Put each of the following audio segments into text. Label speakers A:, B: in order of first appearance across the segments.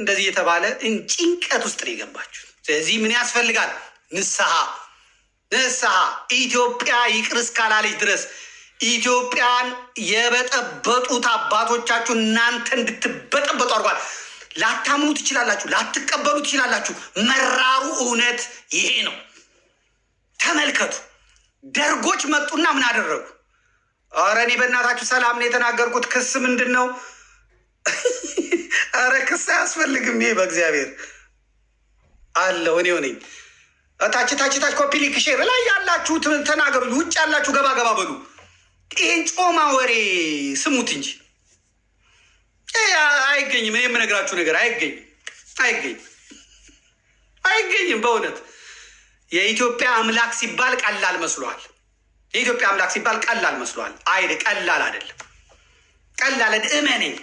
A: እንደዚህ የተባለ ጭንቀት ውስጥ ነው የገባችሁ። ስለዚህ ምን ያስፈልጋል? ንስሐ ንስሐ። ኢትዮጵያ ይቅር እስካላለች ድረስ ኢትዮጵያን የበጠበጡት አባቶቻችሁ እናንተ እንድትበጠበጡ አድርጓል። ላታምኑ ትችላላችሁ፣ ላትቀበሉ ትችላላችሁ። መራሩ እውነት ይሄ ነው። ተመልከቱ። ደርጎች መጡና ምን አደረጉ? ኧረ እኔ በእናታችሁ ሰላም ነው የተናገርኩት። ክስ ምንድን ነው? አረ ክስ አያስፈልግም። ይሄ በእግዚአብሔር አለው እኔው ነኝ። ታች ታች ታች ኮፒ ሊንክ ሼር ላይ ያላችሁ ተናገሩ። ውጭ ያላችሁ ገባ ገባ በሉ። ይህን ጮማ ወሬ ስሙት እንጂ አይገኝም። እኔ የምነግራችሁ ነገር አይገኝም፣ አይገኝም፣ አይገኝም። በእውነት የኢትዮጵያ አምላክ ሲባል ቀላል መስሏል። የኢትዮጵያ አምላክ ሲባል ቀላል መስሏል። አይ ቀላል አይደለም፣ ቀላል እመነኝ።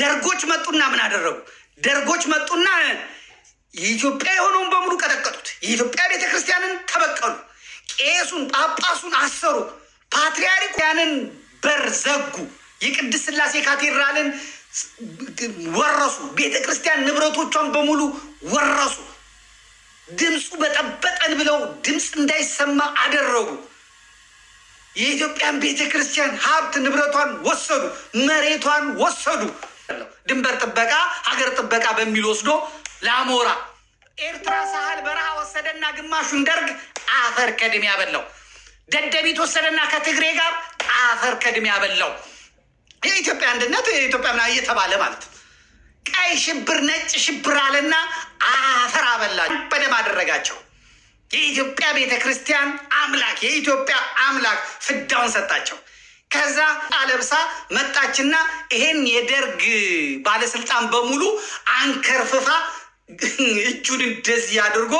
A: ደርጎች መጡና ምን አደረጉ? ደርጎች መጡና የኢትዮጵያ የሆነውን በሙሉ ቀጠቀጡት። የኢትዮጵያ ቤተክርስቲያንን ተበቀሉ። ቄሱን፣ ጳጳሱን አሰሩ። ፓትርያርኩያንን በር ዘጉ። የቅድስት ስላሴ ካቴድራልን ወረሱ። ቤተክርስቲያን ንብረቶቿን በሙሉ ወረሱ። ድምፁ በጠበጠን ብለው ድምፅ እንዳይሰማ አደረጉ። የኢትዮጵያን ቤተክርስቲያን ሀብት ንብረቷን ወሰዱ። መሬቷን ወሰዱ። ነው። ድንበር ጥበቃ፣ ሀገር ጥበቃ በሚል ወስዶ ለአሞራ ኤርትራ ሳህል በረሃ ወሰደና ግማሹን ደርግ አፈር ከድሜ ያበላው። ደደቢት ወሰደና ከትግሬ ጋር አፈር ከድሜ ያበላው። የኢትዮጵያ አንድነት የኢትዮጵያ ምና እየተባለ ማለት ቀይ ሽብር ነጭ ሽብር አለና አፈር አበላ፣ በደም አደረጋቸው። የኢትዮጵያ ቤተ ክርስቲያን አምላክ የኢትዮጵያ አምላክ ፍዳውን ሰጣቸው። ከዛ አለብሳ መጣችና ይሄን የደርግ ባለስልጣን በሙሉ አንከርፍፋ እጁን እንደዚህ አድርጎ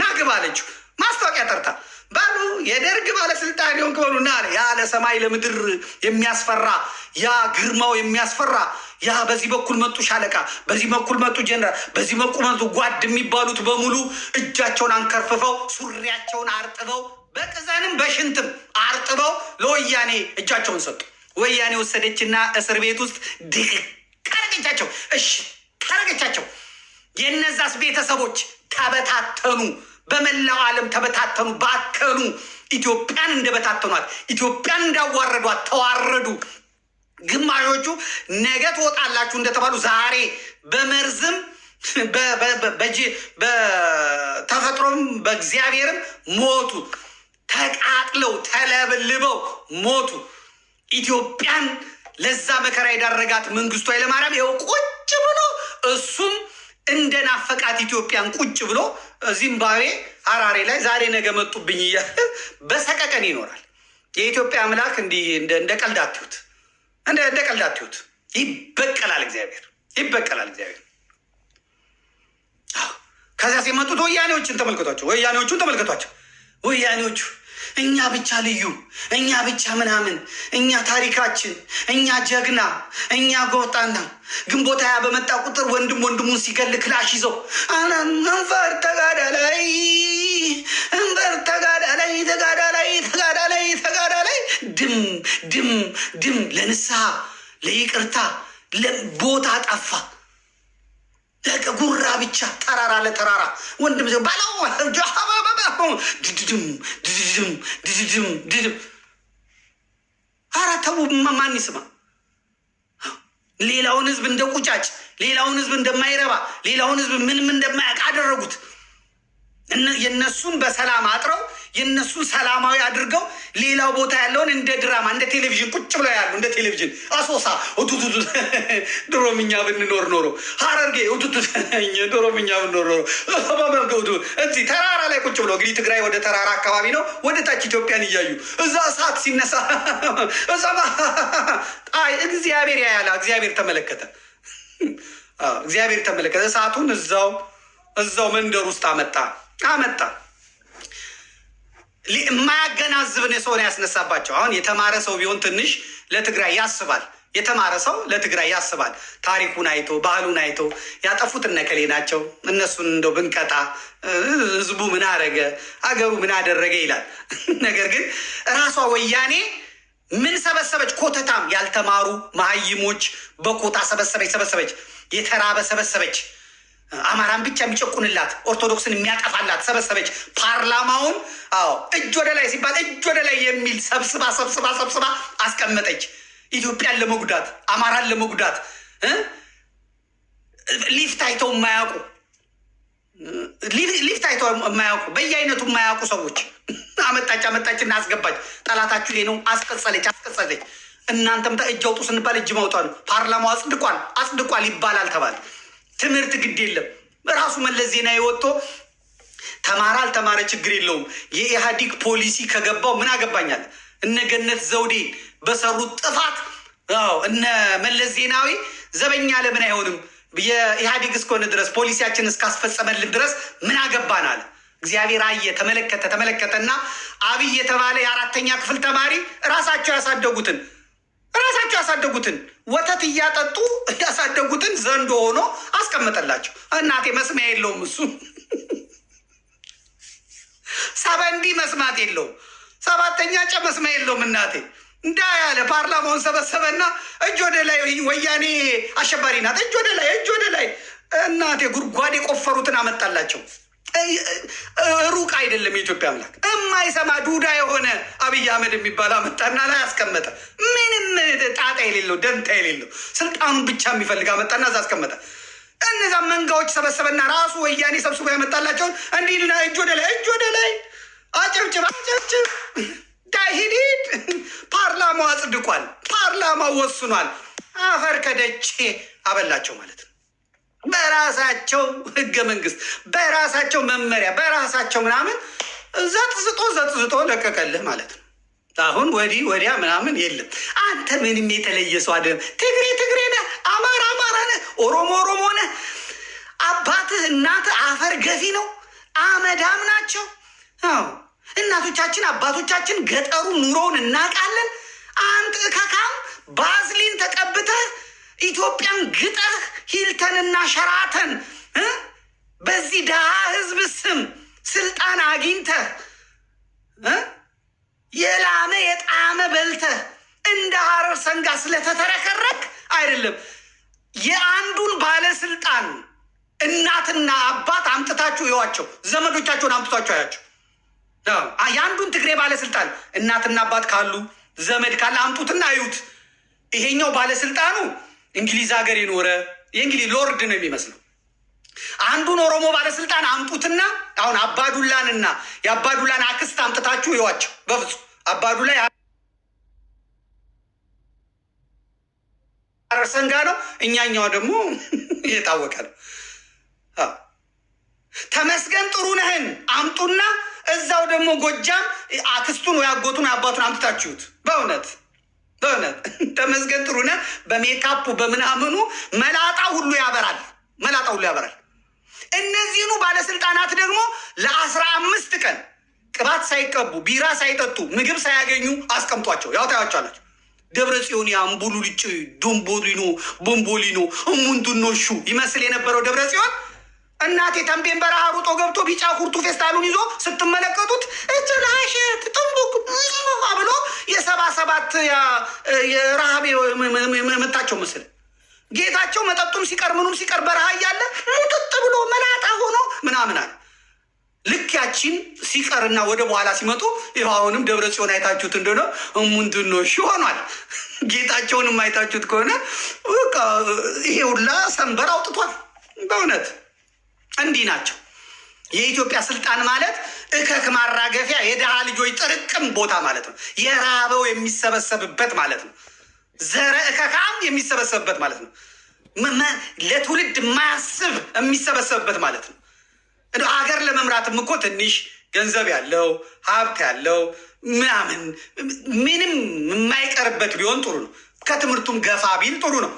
A: ናግብ አለችው። ማስታወቂያ ጠርታ ባሉ የደርግ ባለስልጣን ሆን ሊሆን ና ያ ለሰማይ ለምድር የሚያስፈራ ያ ግርማው የሚያስፈራ ያ በዚህ በኩል መጡ ሻለቃ፣ በዚህ በኩል መጡ ጀነራል፣ በዚህ በኩል መጡ ጓድ የሚባሉት በሙሉ እጃቸውን አንከርፍፈው ሱሪያቸውን አርጥበው በቅዘንም በሽንትም አርጥበው ለወያኔ እጃቸውን ሰጡ። ወያኔ ወሰደችና እስር ቤት ውስጥ ድቅቅ ካረገቻቸው፣ እሺ ካረገቻቸው። የነዛስ ቤተሰቦች ተበታተኑ፣ በመላው ዓለም ተበታተኑ፣ ባከኑ። ኢትዮጵያን እንደበታተኗት፣ ኢትዮጵያን እንዳዋረዷት ተዋረዱ። ግማሾቹ ነገ ትወጣላችሁ እንደተባሉ ዛሬ በመርዝም በተፈጥሮም በእግዚአብሔርም ሞቱ። ተቃጥለው ተለብልበው ሞቱ። ኢትዮጵያን ለዛ መከራ የዳረጋት መንግስቱ ኃይለማርያም ይኸው ቁጭ ብሎ እሱም እንደናፈቃት ኢትዮጵያን ቁጭ ብሎ ዚምባብዌ ሀራሬ ላይ ዛሬ ነገ መጡብኝ እያለ በሰቀቀን ይኖራል። የኢትዮጵያ አምላክ እንዲህ እንደ ቀልድ አትዩት፣ እንደ ቀልድ አትዩት። ይበቀላል እግዚአብሔር፣ ይበቀላል እግዚአብሔር። ከዚያ ሲመጡት ወያኔዎችን ተመልከቷቸው፣ ወያኔዎቹን ተመልከቷቸው ወያኔዎቹ እኛ ብቻ ልዩ፣ እኛ ብቻ ምናምን፣ እኛ ታሪካችን፣ እኛ ጀግና፣ እኛ ጎጣና ግንቦት ሃያ በመጣ ቁጥር ወንድም ወንድሙን ሲገል ክላሽ ይዘው እንፈር ተጋዳ ላይ እንፈር ተጋዳ ላይ ተጋዳ ላይ ተጋዳ ላይ ተጋዳ ላይ ድም ድም ድም ለንስሐ ለይቅርታ ቦታ ጠፋ። ጉራ ብቻ ጠራራ ለጠራራ ወንድም ሰው ድድድም ድድድም ተው ማን ይስማ? ሌላውን ህዝብ እንደ ቁጫጭ፣ ሌላውን ህዝብ እንደማይረባ፣ ሌላውን ህዝብ ምንም እንደማያውቅ አደረጉት። የእነሱን በሰላም አጥረው የእነሱን ሰላማዊ አድርገው ሌላው ቦታ ያለውን እንደ ድራማ እንደ ቴሌቪዥን ቁጭ ብለው ያሉ እንደ ቴሌቪዥን አሶሳ ቱቱቱ ድሮምኛ ብንኖር ኖሮ ሀረርጌ ቱቱ ድሮምኛ ብንኖር ኖሮ እዚህ ተራራ ላይ ቁጭ ብለው እንግዲህ ትግራይ ወደ ተራራ አካባቢ ነው፣ ወደ ታች ኢትዮጵያን እያዩ እዛ እሳት ሲነሳ እዛ እግዚአብሔር ያያላ እግዚአብሔር ተመለከተ። እግዚአብሔር ተመለከተ። እሳቱን እዛው እዛው መንደር ውስጥ አመጣ። አመጣ። የማያገናዝብን የሰውን ያስነሳባቸው። አሁን የተማረ ሰው ቢሆን ትንሽ ለትግራይ ያስባል። የተማረ ሰው ለትግራይ ያስባል። ታሪኩን አይቶ ባህሉን አይቶ ያጠፉት እነከሌ ናቸው እነሱን እንደው ብንቀጣ ህዝቡ ምን አረገ አገሩ ምን አደረገ ይላል። ነገር ግን እራሷ ወያኔ ምን ሰበሰበች? ኮተታም ያልተማሩ መሀይሞች በኮታ ሰበሰበች ሰበሰበች የተራበ ሰበሰበች አማራን ብቻ የሚጨቁንላት ኦርቶዶክስን የሚያጠፋላት ሰበሰበች። ፓርላማውን አዎ እጅ ወደ ላይ ሲባል እጅ ወደ ላይ የሚል ሰብስባ ሰብስባ ሰብስባ አስቀመጠች። ኢትዮጵያን ለመጉዳት አማራን ለመጉዳት ሊፍት አይተው የማያውቁ ሊፍት አይተው የማያውቁ በየአይነቱ የማያውቁ ሰዎች አመጣች አመጣች እና አስገባች። ጠላታችሁ ይሄ ነው። አስቀጸለች አስቀጸለች። እናንተም እጅ አውጡ ስንባል እጅ መውጣ ነው። ፓርላማው አጽድቋል አጽድቋል ይባላል ተባለ። ትምህርት ግድ የለም። ራሱ መለስ ዜናዊ ወጥቶ ተማራ አልተማረ ችግር የለውም የኢህአዲግ ፖሊሲ ከገባው ምን አገባኛል። እነ ገነት ዘውዴ በሰሩት ጥፋት እነ መለስ ዜናዊ ዘበኛ ለምን አይሆንም? የኢህአዲግ እስከሆነ ድረስ ፖሊሲያችን እስካስፈጸመልን ድረስ ምን አገባን አለ። እግዚአብሔር አየ፣ ተመለከተ። ተመለከተና አብይ የተባለ የአራተኛ ክፍል ተማሪ ራሳቸው ያሳደጉትን ራሳቸው ያሳደጉትን ወተት እያጠጡ እያሳደጉትን ዘንዶ ሆኖ አስቀምጠላቸው። እናቴ መስሚያ የለውም እሱ ሰበንዲ መስማት የለውም። ሰባተኛ ጨ መስሚያ የለውም እናቴ እንዳ ያለ ፓርላማውን ሰበሰበና እጅ ወደ ላይ ወያኔ አሸባሪ ናት፣ እጅ ወደ ላይ፣ እጅ ወደ ላይ እናቴ ጉድጓድ የቆፈሩትን አመጣላቸው። ሩቅ አይደለም የኢትዮጵያ አምላክ። እማይሰማ ዱዳ የሆነ አብይ አህመድ የሚባል አመጣና ላይ አስቀመጠ። ጣጣ የሌለው ደንታ የሌለው ስልጣኑን ብቻ የሚፈልግ አመጣና እዛ አስቀመጠ። እነዛ መንጋዎች ሰበሰበና ራሱ ወያኔ ሰብስቦ ያመጣላቸውን እንዲህ ልና እጅ ወደ ላይ እጅ ወደ ላይ አጨብጭብ አጨብጭብ ዳሂዲድ ፓርላማው አጽድቋል። ፓርላማው ወስኗል። አፈር ከደቼ አበላቸው ማለት ነው። በራሳቸው ህገ መንግስት፣ በራሳቸው መመሪያ፣ በራሳቸው ምናምን ዘጥዝጦ ዘጥዝጦ ለቀቀልህ ማለት ነው። አሁን ወዲህ ወዲያ ምናምን የለም። አንተ ምንም የተለየ ሰው አይደለም። ትግሬ ትግሬ ነህ፣ አማራ አማራ ነህ፣ ኦሮሞ ኦሮሞ ነህ። አባትህ እናትህ አፈር ገፊ ነው፣ አመዳም ናቸው። አዎ እናቶቻችን አባቶቻችን ገጠሩ ኑሮውን እናውቃለን። አንጥ ከካም ባዝሊን ተቀብተህ ኢትዮጵያን ግጠህ ሂልተንና ሸራተን በዚህ ድሃ ህዝብ ስም ስልጣን አግኝተህ የላመ የጣመ በልተ እንደ ሀረር ሰንጋ ስለተተረከረክ አይደለም። የአንዱን ባለስልጣን እናትና አባት አምጥታችሁ ይዋቸው፣ ዘመዶቻቸውን አምጥቷቸው አያቸው። የአንዱን ትግሬ ባለስልጣን እናትና አባት ካሉ ዘመድ ካለ አምጡትና አዩት። ይሄኛው ባለስልጣኑ እንግሊዝ ሀገር የኖረ የእንግሊዝ ሎርድ ነው የሚመስለው አንዱን ኦሮሞ ባለስልጣን አምጡትና አሁን አባዱላንና የአባዱላን አክስት አምጥታችሁ ይዋቸው። በፍጹም አባዱላ ጋ ነው። እኛኛው ደግሞ እየታወቀ ነው። ተመስገን ነህን አምጡና እዛው ደግሞ ጎጃም አክስቱን ወይ አጎቱን አባቱን አምጥታችሁት በእውነት በእውነት ተመስገን ነህ በሜካፑ በምናምኑ መላጣ ሁሉ ያበራል። መላጣ ሁሉ ያበራል። እነዚህኑ ባለስልጣናት ደግሞ ለአስራ አምስት ቀን ቅባት ሳይቀቡ ቢራ ሳይጠጡ ምግብ ሳያገኙ አስቀምጧቸው። ያው ታያቸዋላቸው። ደብረ ጽዮን የአምቡሉ ልጭ ዶምቦሊኖ ቦምቦሊኖ እሙንዱኖሹ ይመስል የነበረው ደብረ ጽዮን እናቴ ተንቤን በረሃ ሩጦ ገብቶ ቢጫ ኩርቱ ፌስታሉን ይዞ ስትመለከቱት እችላሸት ጥንቡክ ብሎ የሰባ ሰባት የረሃብ የመታቸው ምስል ጌታቸው መጠጡም ሲቀር ምኑም ሲቀር በረሃ እያለ ሙጥጥ ብሎ መላጣ ሆኖ ምናምናል። ልክ ያቺን ሲቀርና ወደ በኋላ ሲመጡ አሁንም ደብረ ጽዮን አይታችሁት እንደሆነ እሙንድን ነው ሆኗል። ጌታቸውንም አይታችሁት ከሆነ ይሄ ሁላ ሰንበር አውጥቷል። በእውነት እንዲህ ናቸው። የኢትዮጵያ ስልጣን ማለት እከክ ማራገፊያ የድሃ ልጆች ጥርቅም ቦታ ማለት ነው። የራበው የሚሰበሰብበት ማለት ነው። ዘረ እከካም የሚሰበሰብበት ማለት ነው። ለትውልድ ማያስብ የሚሰበሰብበት ማለት ነው። እንደ ሀገር ለመምራትም እኮ ትንሽ ገንዘብ ያለው ሀብት ያለው ምናምን ምንም የማይቀርበት ቢሆን ጥሩ ነው። ከትምህርቱም ገፋ ቢል ጥሩ ነው።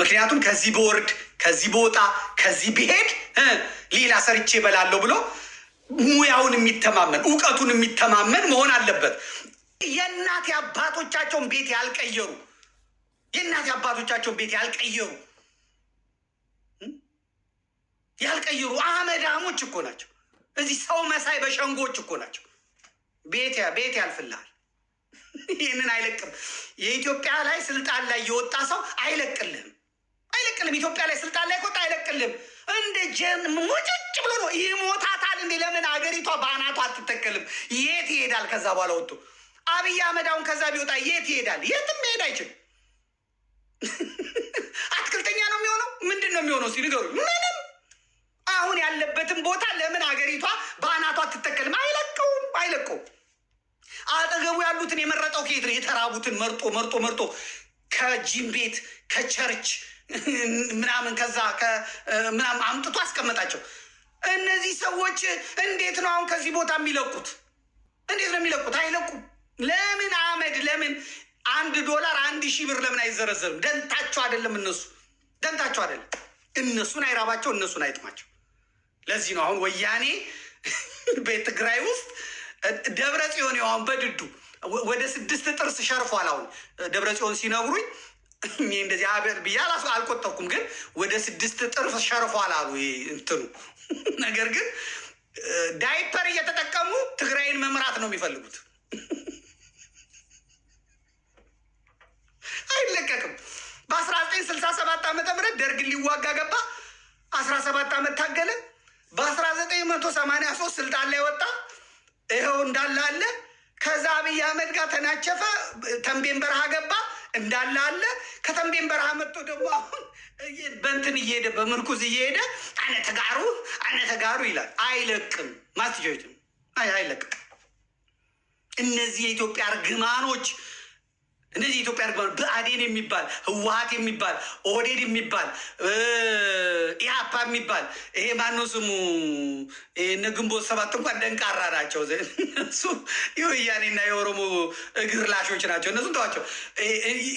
A: ምክንያቱም ከዚህ በወርድ ከዚህ በወጣ ከዚህ ብሄድ ሌላ ሰርቼ እበላለሁ ብሎ ሙያውን የሚተማመን እውቀቱን የሚተማመን መሆን አለበት። የእናት አባቶቻቸውን ቤት ያልቀየሩ የእናት አባቶቻቸውን ቤት ያልቀየሩ ያልቀየሩ አመዳሞች እኮ ናቸው። እዚህ ሰው መሳይ በሸንጎች እኮ ናቸው። ቤት ቤት ያልፍልሃል። ይህንን አይለቅም። የኢትዮጵያ ላይ ስልጣን ላይ የወጣ ሰው አይለቅልህም፣ አይለቅልህም። ኢትዮጵያ ላይ ስልጣን ላይ ከወጣ አይለቅልህም። እንደ ጀን ሙጭጭ ብሎ ነው ይሞታታል። እንዴ ለምን አገሪቷ በአናቷ አትተከልም? የት ይሄዳል? ከዛ በኋላ ወጥቶ አብይ አመዳውን ከዛ ቢወጣ የት ይሄዳል? የትም መሄድ አይችልም። አትክልተኛ ነው የሚሆነው? ምንድን ነው የሚሆነው? እስኪ ንገሩ። ምንም አሁን ያለበትን ቦታ ለምን አገሪቷ በአናቷ አትተከልም? አይለቀውም፣ አይለቀውም። አጠገቡ ያሉትን የመረጠው ከየት ነው? የተራቡትን መርጦ መርጦ መርጦ ከጂም ቤት ከቸርች ምናምን ከዛ ምናምን አምጥቶ አስቀመጣቸው። እነዚህ ሰዎች እንዴት ነው አሁን ከዚህ ቦታ የሚለቁት? እንዴት ነው የሚለቁት? አይለቁም። ለምን አመድ ለምን አንድ ዶላር አንድ ሺህ ብር ለምን አይዘረዘርም? ደንታቸው አይደለም እነሱ ደንታቸው አይደለም። እነሱን አይራባቸው፣ እነሱን አይጥማቸው። ለዚህ ነው አሁን ወያኔ በትግራይ ውስጥ ደብረ ጽዮን አሁን በድዱ ወደ ስድስት ጥርስ ሸርፏል። አሁን ደብረ ጽዮን ሲነግሩኝ እኔ እንደዚህ አበር ብዬ አልቆጠርኩም፣ ግን ወደ ስድስት ጥርስ ሸርፏል አሉ እንትኑ። ነገር ግን ዳይፐር እየተጠቀሙ ትግራይን መምራት ነው የሚፈልጉት። አይለቀቅም። በ1967 ዓ ም ደርግ ሊዋጋ ገባ። 17 ዓመት ታገለ። በ1983 ስልጣን ላይ ወጣ። ይኸው እንዳለ አለ። ከዛ አብይ አህመድ ጋር ተናቸፈ። ተንቤን በረሃ ገባ። እንዳለ አለ። ከተንቤን በረሃ መጥቶ ደግሞ አሁን በንትን እየሄደ በምርኩዝ እየሄደ አነ ተጋሩ ይላል። አይለቅም። ማስጆይትም አይለቅም። እነዚህ የኢትዮጵያ እርግማኖች እነዚህ ኢትዮጵያ አድርገዋል። ብአዴን የሚባል ህወሀት የሚባል ኦዴድ የሚባል ኢህአፓ የሚባል ይሄ ማነው ስሙ እነ ግንቦት ሰባት እንኳን ደንቃራ ናቸው። እነሱ የወያኔና የኦሮሞ እግር ላሾች ናቸው። እነሱ ተዋቸው።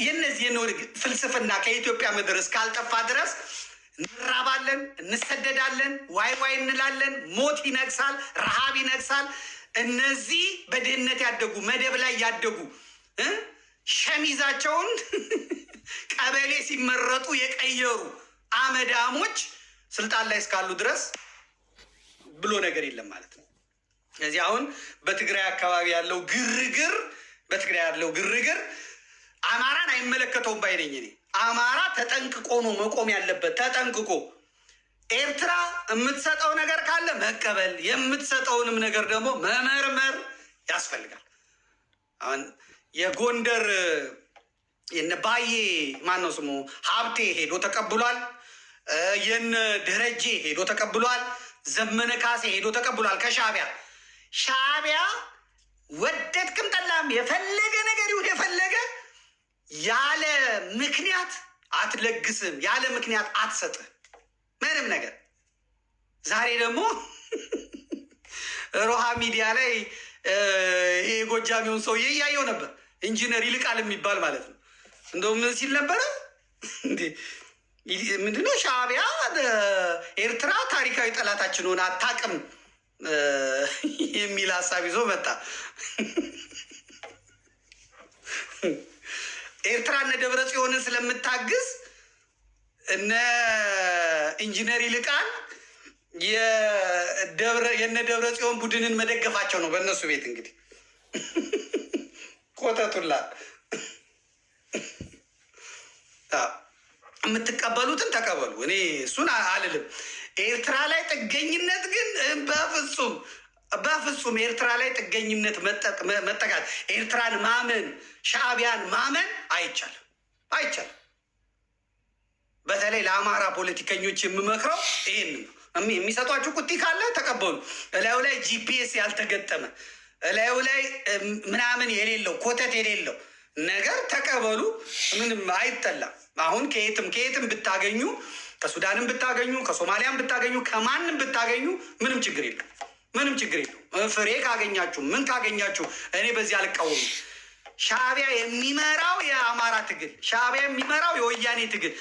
A: የነዚህ ፍልስፍና ከኢትዮጵያ ምድር እስካልጠፋ ድረስ እንራባለን፣ እንሰደዳለን፣ ዋይ ዋይ እንላለን። ሞት ይነግሳል፣ ረሃብ ይነግሳል። እነዚህ በድህነት ያደጉ መደብ ላይ ያደጉ ሸሚዛቸውን ቀበሌ ሲመረጡ የቀየሩ አመዳሞች ስልጣን ላይ እስካሉ ድረስ ብሎ ነገር የለም ማለት ነው። ስለዚህ አሁን በትግራይ አካባቢ ያለው ግርግር በትግራይ ያለው ግርግር አማራን አይመለከተውም ባይነኝ እኔ። አማራ ተጠንቅቆ ነው መቆም ያለበት። ተጠንቅቆ ኤርትራ የምትሰጠው ነገር ካለ መቀበል፣ የምትሰጠውንም ነገር ደግሞ መመርመር ያስፈልጋል። የጎንደር የነ ባዬ ማን ነው ስሙ ሀብቴ ሄዶ ተቀብሏል። የነ ደረጄ ሄዶ ተቀብሏል። ዘመነ ካሴ ሄዶ ተቀብሏል ከሻቢያ ሻቢያ ወደድክም ጠላም የፈለገ ነገር ይሁን የፈለገ ያለ ምክንያት አትለግስም፣ ያለ ምክንያት አትሰጥ ምንም ነገር። ዛሬ ደግሞ ሮሃ ሚዲያ ላይ ጎጃሚውን ሰውዬ እያየው ነበር። ኢንጂነር ይልቃል የሚባል ማለት ነው። እንደው ምን ሲል ነበረ ምንድነው? ሻዕቢያ ኤርትራ ታሪካዊ ጠላታችን ሆነ አታውቅም የሚል ሀሳብ ይዞ መጣ። ኤርትራ እነ ደብረ ጽዮንን ስለምታግዝ እነ ኢንጂነር ይልቃል የነ ደብረ ጽዮን ቡድንን መደገፋቸው ነው በእነሱ ቤት እንግዲህ ኮተቱላ የምትቀበሉትን ተቀበሉ። እኔ እሱን አልልም። ኤርትራ ላይ ጥገኝነት ግን በፍጹም በፍጹም ኤርትራ ላይ ጥገኝነት መጠቃት ኤርትራን ማመን ሻዕቢያን ማመን አይቻልም፣ አይቻልም። በተለይ ለአማራ ፖለቲከኞች የምመክረው ይህን ነው። የሚሰጧችሁ ቁጢ ካለ ተቀበሉ። እላዩ ላይ ጂፒኤስ ያልተገጠመ እላዩ ላይ ምናምን የሌለው ኮተት የሌለው ነገር ተቀበሉ። ምንም አይጠላም። አሁን ከየትም ከየትም ብታገኙ ከሱዳንም ብታገኙ ከሶማሊያም ብታገኙ ከማንም ብታገኙ ምንም ችግር የለም። ምንም ችግር የለም። ፍሬ ካገኛችሁ ምን ካገኛችሁ እኔ በዚህ አልቃወምም። ሻዕቢያ የሚመራው የአማራ ትግል፣ ሻዕቢያ የሚመራው የወያኔ ትግል